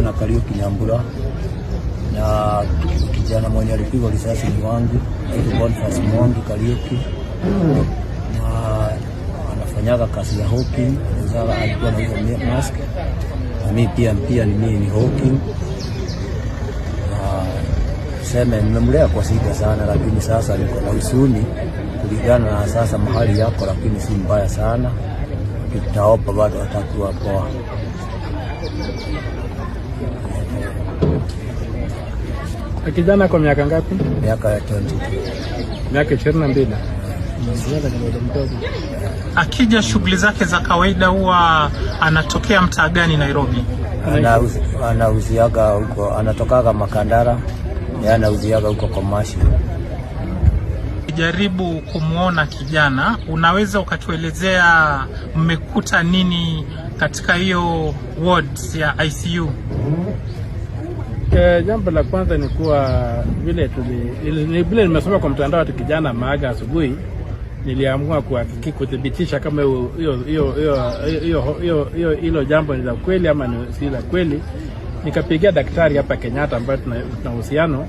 kijana Kalio Kinyambura na kijana mwenye alipigwa risasi ni wangu Boniface Mwangi Kariuki, na anafanyaga kazi ya hawking, alikuwa na hiyo mask na mimi pia pia ni mimi ni hawking. Sema nimemlea kwa sida sana, lakini sasa niko na usuni kulingana na sasa mahali yako, lakini si mbaya sana, tutaopa bado atakuwa poa. Kijana kwa miaka ngapi? Miaka 20. Miaka 22. Akija shughuli zake za kawaida huwa anatokea mtaa gani Nairobi? Anauziaga huko, anatokaga Makandara, anauziaga huko Komashi. Jaribu kumwona kijana, unaweza ukatuelezea mmekuta nini katika hiyo ward ya ICU? E, jambo la kwanza ni kuwa vile tuli vile nimesoma kwa mtandao tu kijana maaga asubuhi, niliamua kuhakiki kuthibitisha kama hiyo hilo jambo ni la kweli ama ni si la kweli. Nikapigia daktari hapa Kenyatta ambayo tuna uhusiano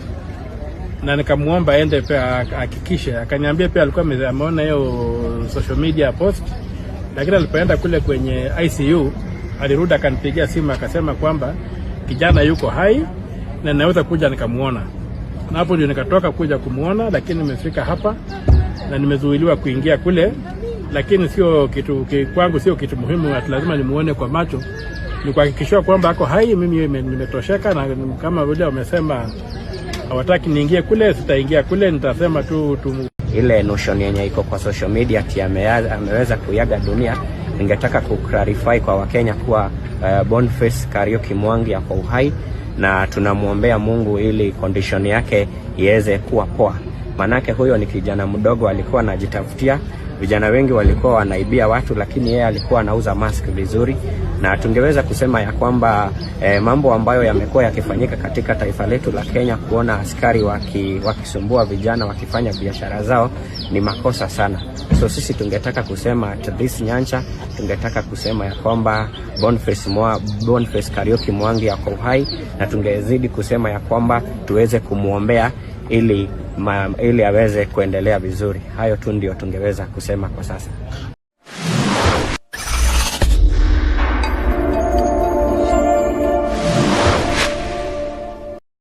na nikamwomba aende pia ahakikishe. Akaniambia pia alikuwa ameona hiyo social media post, lakini alipoenda kule kwenye ICU alirudi akanipigia simu akasema kwamba kijana yuko hai na naweza kuja nikamuona, na hapo ndio nikatoka kuja kumuona, lakini nimefika hapa na nimezuiliwa kuingia kule, lakini sio kitu kwangu, sio kitu muhimu ati lazima nimuone kwa macho. Ni kuhakikishiwa kwamba ako hai, mimi nimetosheka, na kama vile wamesema hawataki niingie kule, sitaingia kule, nitasema tu tu ile notion yenye iko kwa social media ati ameweza kuiaga dunia ningetaka kuclarify kwa Wakenya kuwa uh, Boniface Kariuki Mwangi ako uhai na tunamwombea Mungu ili condition yake iweze kuwa poa, manake huyo ni kijana mdogo alikuwa anajitafutia. Vijana wengi walikuwa wanaibia watu, lakini yeye alikuwa anauza mask vizuri, na tungeweza kusema ya kwamba eh, mambo ambayo yamekuwa yakifanyika katika taifa letu la Kenya, kuona askari waki, wakisumbua vijana wakifanya biashara zao ni makosa sana. So sisi tungetaka kusema this Nyancha, tungetaka kusema ya kwamba Boniface Mwa, Boniface Kariuki Mwangi yako uhai, na tungezidi kusema ya kwamba tuweze kumwombea ili, ma, ili aweze kuendelea vizuri. Hayo tu ndio tungeweza kusema kwa sasa.